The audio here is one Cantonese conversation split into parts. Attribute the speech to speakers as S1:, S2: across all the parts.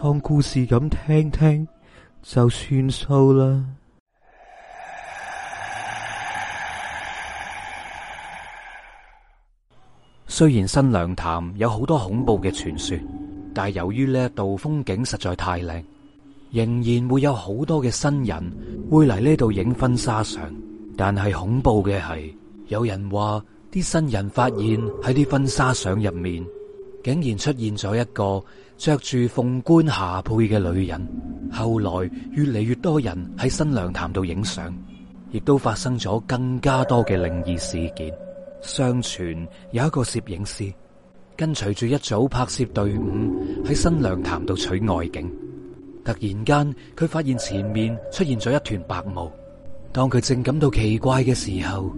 S1: 當故事咁聽聽就算數啦。雖然新娘潭有好多恐怖嘅傳說，但由於呢度風景實在太靚，仍然會有好多嘅新人會嚟呢度影婚紗相。但係恐怖嘅係，有人話啲新人發現喺啲婚紗相入面，竟然出現咗一個。着住鳳冠霞帔嘅女人，後來越嚟越多人喺新娘潭度影相，亦都發生咗更加多嘅靈異事件。相傳有一個攝影師跟隨住一組拍攝隊伍喺新娘潭度取外景，突然間佢發現前面出現咗一團白霧。當佢正感到奇怪嘅時候，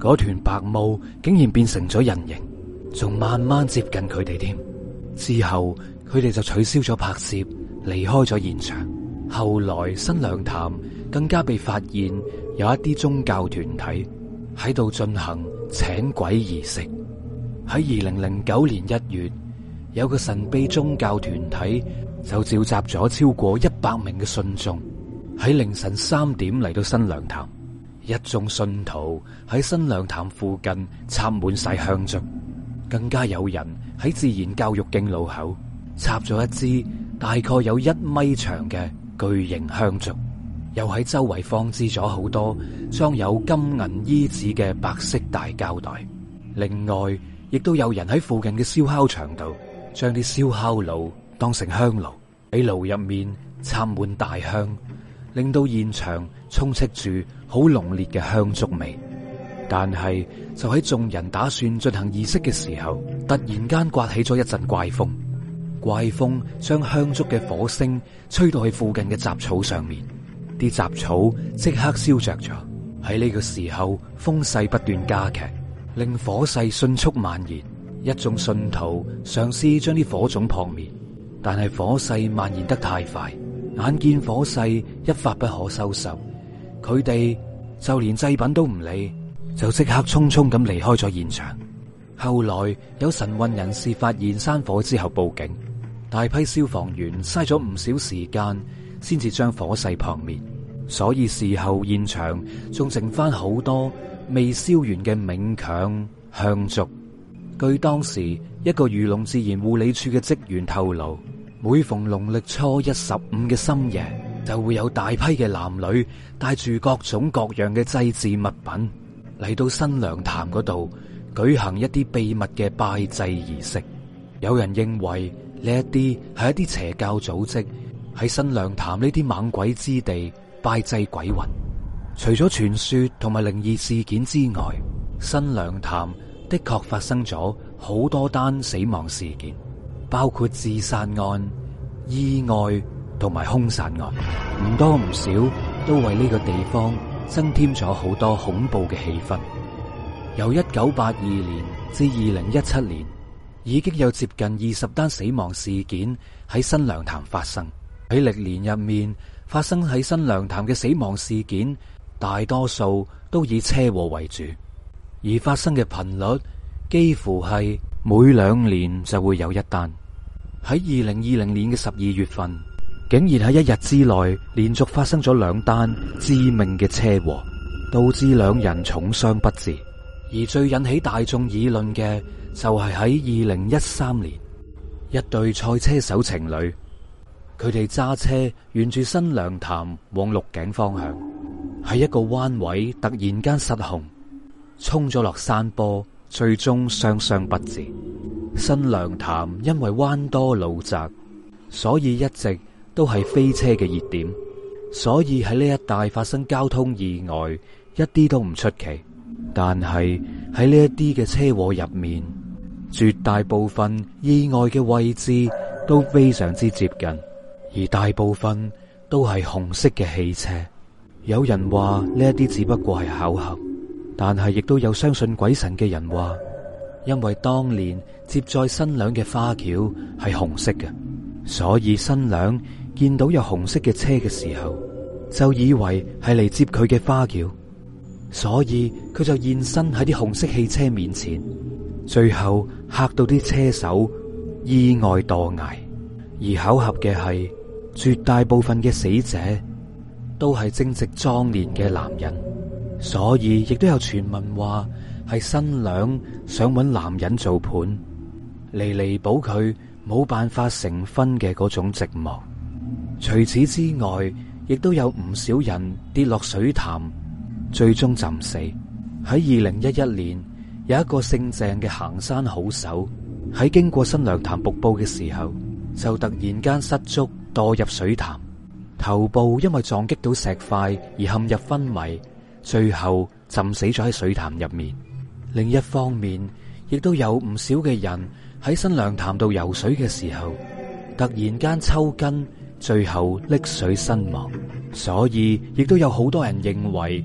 S1: 嗰團白霧竟然變成咗人形，仲慢慢接近佢哋添。之後。佢哋就取消咗拍攝，離開咗現場。後來新娘潭更加被發現有一啲宗教團體喺度進行請鬼儀式。喺二零零九年一月，有個神秘宗教團體就召集咗超過一百名嘅信眾，喺凌晨三點嚟到新娘潭。一眾信徒喺新娘潭附近插滿晒香燭，更加有人喺自然教育徑路口。插咗一支大概有一米長嘅巨型香燭，又喺周圍放置咗好多裝有金銀衣紙嘅白色大膠袋。另外，亦都有人喺附近嘅燒烤場度，將啲燒烤爐當成香爐，喺爐入面插滿大香，令到現場充斥住好濃烈嘅香燭味。但係就喺眾人打算進行儀式嘅時候，突然間颳起咗一陣怪風。怪風將香燭嘅火星吹到去附近嘅雜草上面，啲雜草即刻燒着咗。喺呢個時候，風勢不斷加劇，令火勢迅速蔓延。一眾信徒嘗試將啲火種撲滅，但係火勢蔓延得太快，眼見火勢一發不可收拾，佢哋就連祭品都唔理，就即刻匆匆咁離開咗現場。後來有神運人士發現山火之後報警。大批消防員嘥咗唔少時間，先至將火勢撲滅。所以事後現場仲剩翻好多未燒完嘅冥鏹香燭。據當時一個漁農自然護理處嘅職員透露，每逢農曆初一十五嘅深夜，就會有大批嘅男女帶住各種各樣嘅祭祀物品嚟到新娘潭嗰度舉行一啲秘密嘅拜祭儀式。有人認為。呢一啲係一啲邪教組織喺新娘潭呢啲猛鬼之地拜祭鬼魂。除咗傳說同埋靈異事件之外，新娘潭的確發生咗好多單死亡事件，包括自殺案、意外同埋兇殺案，唔多唔少都為呢個地方增添咗好多恐怖嘅氣氛。由一九八二年至二零一七年。已經有接近二十單死亡事件喺新娘潭發生。喺歷年入面，發生喺新娘潭嘅死亡事件，大多數都以車禍為主，而發生嘅頻率幾乎係每兩年就會有一單。喺二零二零年嘅十二月份，竟然喺一日之內連續發生咗兩單致命嘅車禍，導致兩人重傷不治。而最引起大眾議論嘅就係喺二零一三年，一對賽車手情侶，佢哋揸車沿住新娘潭往鹿頸方向，喺一個彎位突然間失控，衝咗落山坡，最終雙雙不治。新娘潭因為彎多路窄，所以一直都係飛車嘅熱點，所以喺呢一帶發生交通意外，一啲都唔出奇。但係喺呢一啲嘅車禍入面，絕大部分意外嘅位置都非常之接近，而大部分都係紅色嘅汽車。有人話呢一啲只不過係巧合，但係亦都有相信鬼神嘅人話，因為當年接載新娘嘅花轎係紅色嘅，所以新娘見到有紅色嘅車嘅時候，就以為係嚟接佢嘅花轎。所以佢就現身喺啲紅色汽車面前，最後吓到啲車手意外墮崖。而巧合嘅係，絕大部分嘅死者都係正值壯年嘅男人，所以亦都有傳聞話係新娘想揾男人做伴嚟彌補佢冇辦法成婚嘅嗰種寂寞。除此之外，亦都有唔少人跌落水潭。最終浸死。喺二零一一年，有一個姓鄭嘅行山好手，喺經過新娘潭瀑布嘅時候，就突然間失足墮入水潭，頭部因為撞擊到石塊而陷入昏迷，最後浸死咗喺水潭入面。另一方面，亦都有唔少嘅人喺新娘潭度游水嘅時候，突然間抽筋，最後溺水身亡。所以，亦都有好多人認為，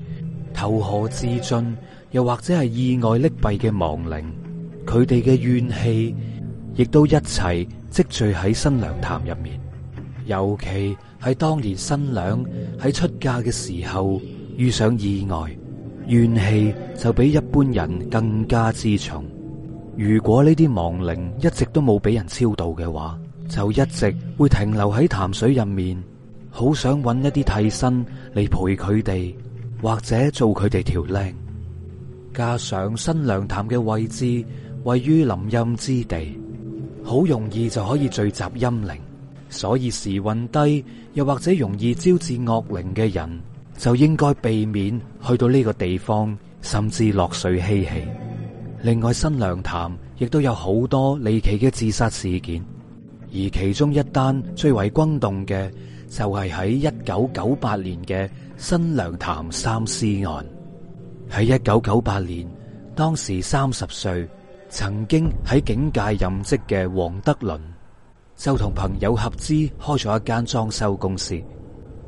S1: 投河自盡，又或者係意外溺斃嘅亡靈，佢哋嘅怨氣亦都一齊積聚喺新娘潭入面。尤其係當年新娘喺出嫁嘅時候遇上意外，怨氣就比一般人更加之重。如果呢啲亡靈一直都冇俾人超度嘅話，就一直會停留喺潭水入面。好想揾一啲替身嚟陪佢哋。或者做佢哋條靚，加上新娘潭嘅位置位於林蔭之地，好容易就可以聚集陰靈，所以時運低又或者容易招致惡靈嘅人就應該避免去到呢個地方，甚至落水嬉戲，戲。另外，新娘潭亦都有好多離奇嘅自殺事件，而其中一單最為轟動嘅就係喺一九九八年嘅。新娘潭三屍案喺一九九八年，當時三十歲，曾經喺警界任職嘅王德倫就同朋友合資開咗一間裝修公司。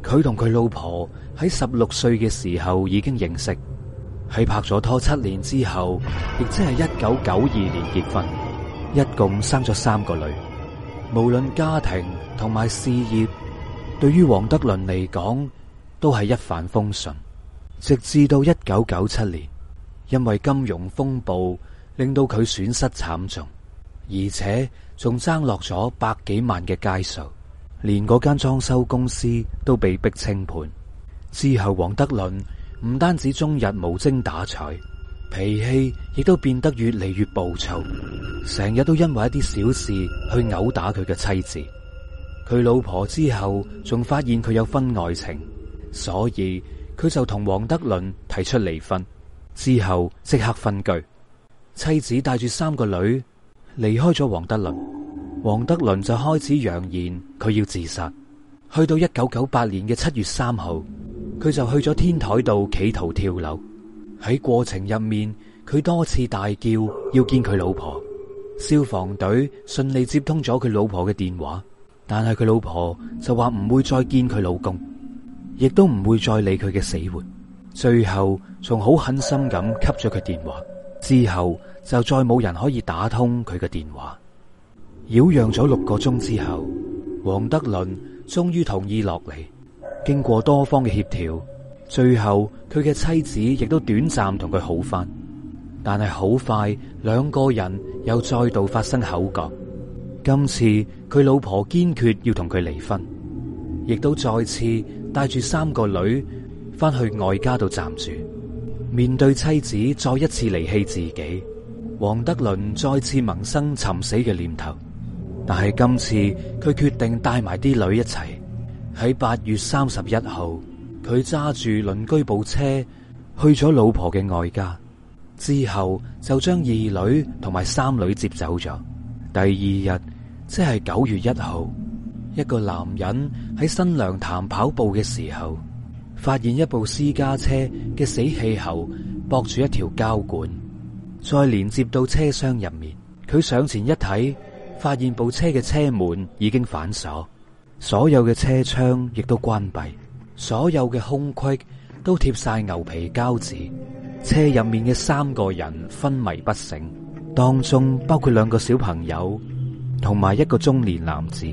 S1: 佢同佢老婆喺十六歲嘅時候已經認識，喺拍咗拖七年之後，亦即係一九九二年結婚，一共生咗三個女。無論家庭同埋事業，對於王德倫嚟講。都係一帆風順，直至到一九九七年，因為金融風暴令到佢損失慘重，而且仲爭落咗百幾萬嘅街數，連嗰間裝修公司都被逼清盤。之後，黃德倫唔單止終日無精打采，脾氣亦都變得越嚟越暴躁，成日都因為一啲小事去毆打佢嘅妻子。佢老婆之後仲發現佢有婚外情。所以佢就同王德倫提出離婚，之後即刻分居。妻子帶住三個女離開咗王德倫，王德倫就開始揚言佢要自殺。去到一九九八年嘅七月三號，佢就去咗天台度企圖跳樓。喺過程入面，佢多次大叫要見佢老婆。消防隊順利接通咗佢老婆嘅電話，但係佢老婆就話唔會再見佢老公。亦都唔會再理佢嘅死活，最後仲好狠心咁吸咗佢電話，之後就再冇人可以打通佢嘅電話。擾攘咗六個鐘之後，黃德倫終於同意落嚟。經過多方嘅協調，最後佢嘅妻子亦都短暫同佢好返，但係好快兩個人又再度發生口角。今次佢老婆堅決要同佢離婚，亦都再次。帶住三個女翻去外家度暫住，面對妻子再一次離棄自己，黃德倫再次萌生尋死嘅念頭。但係今次佢決定帶埋啲女一齊。喺八月三十一號，佢揸住鄰居部車去咗老婆嘅外家，之後就將二女同埋三女接走咗。第二日即係九月一號。一個男人喺新娘潭跑步嘅時候，發現一部私家車嘅死氣喉，駁住一條膠管，再連接到車廂入面。佢上前一睇，發現部車嘅車門已經反鎖，所有嘅車窗亦都關閉，所有嘅空隙都貼晒牛皮膠紙。車入面嘅三個人昏迷不醒，當中包括兩個小朋友同埋一個中年男子。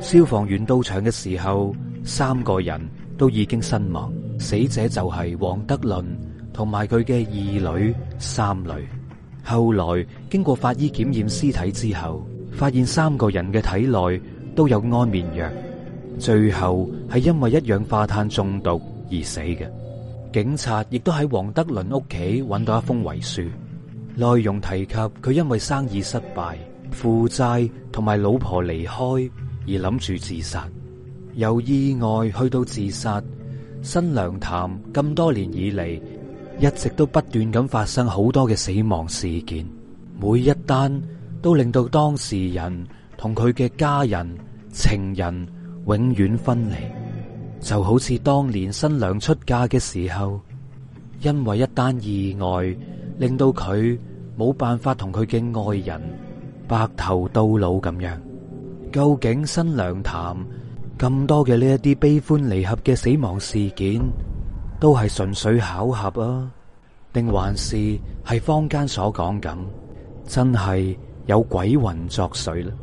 S1: 消防員到場嘅時候，三個人都已經身亡。死者就係黃德倫同埋佢嘅二女、三女。後來經過法醫檢驗屍體之後，發現三個人嘅體內都有安眠藥，最後係因為一氧化碳中毒而死嘅。警察亦都喺黃德倫屋企揾到一封遺書，內容提及佢因為生意失敗、負債同埋老婆離開。而諗住自殺，由意外去到自殺。新娘潭咁多年以嚟，一直都不斷咁發生好多嘅死亡事件，每一單都令到當事人同佢嘅家人、情人永遠分離，就好似當年新娘出嫁嘅時候，因為一單意外，令到佢冇辦法同佢嘅愛人白頭到老咁樣。究竟新娘潭咁多嘅呢一啲悲歡離合嘅死亡事件，都係純粹巧合啊？定還是係坊間所講咁，真係有鬼魂作祟咧、啊？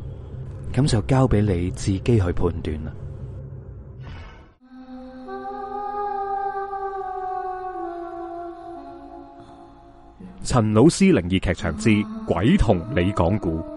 S1: 咁就交俾你自己去判斷啦。陳老師靈異劇場之鬼同你講古。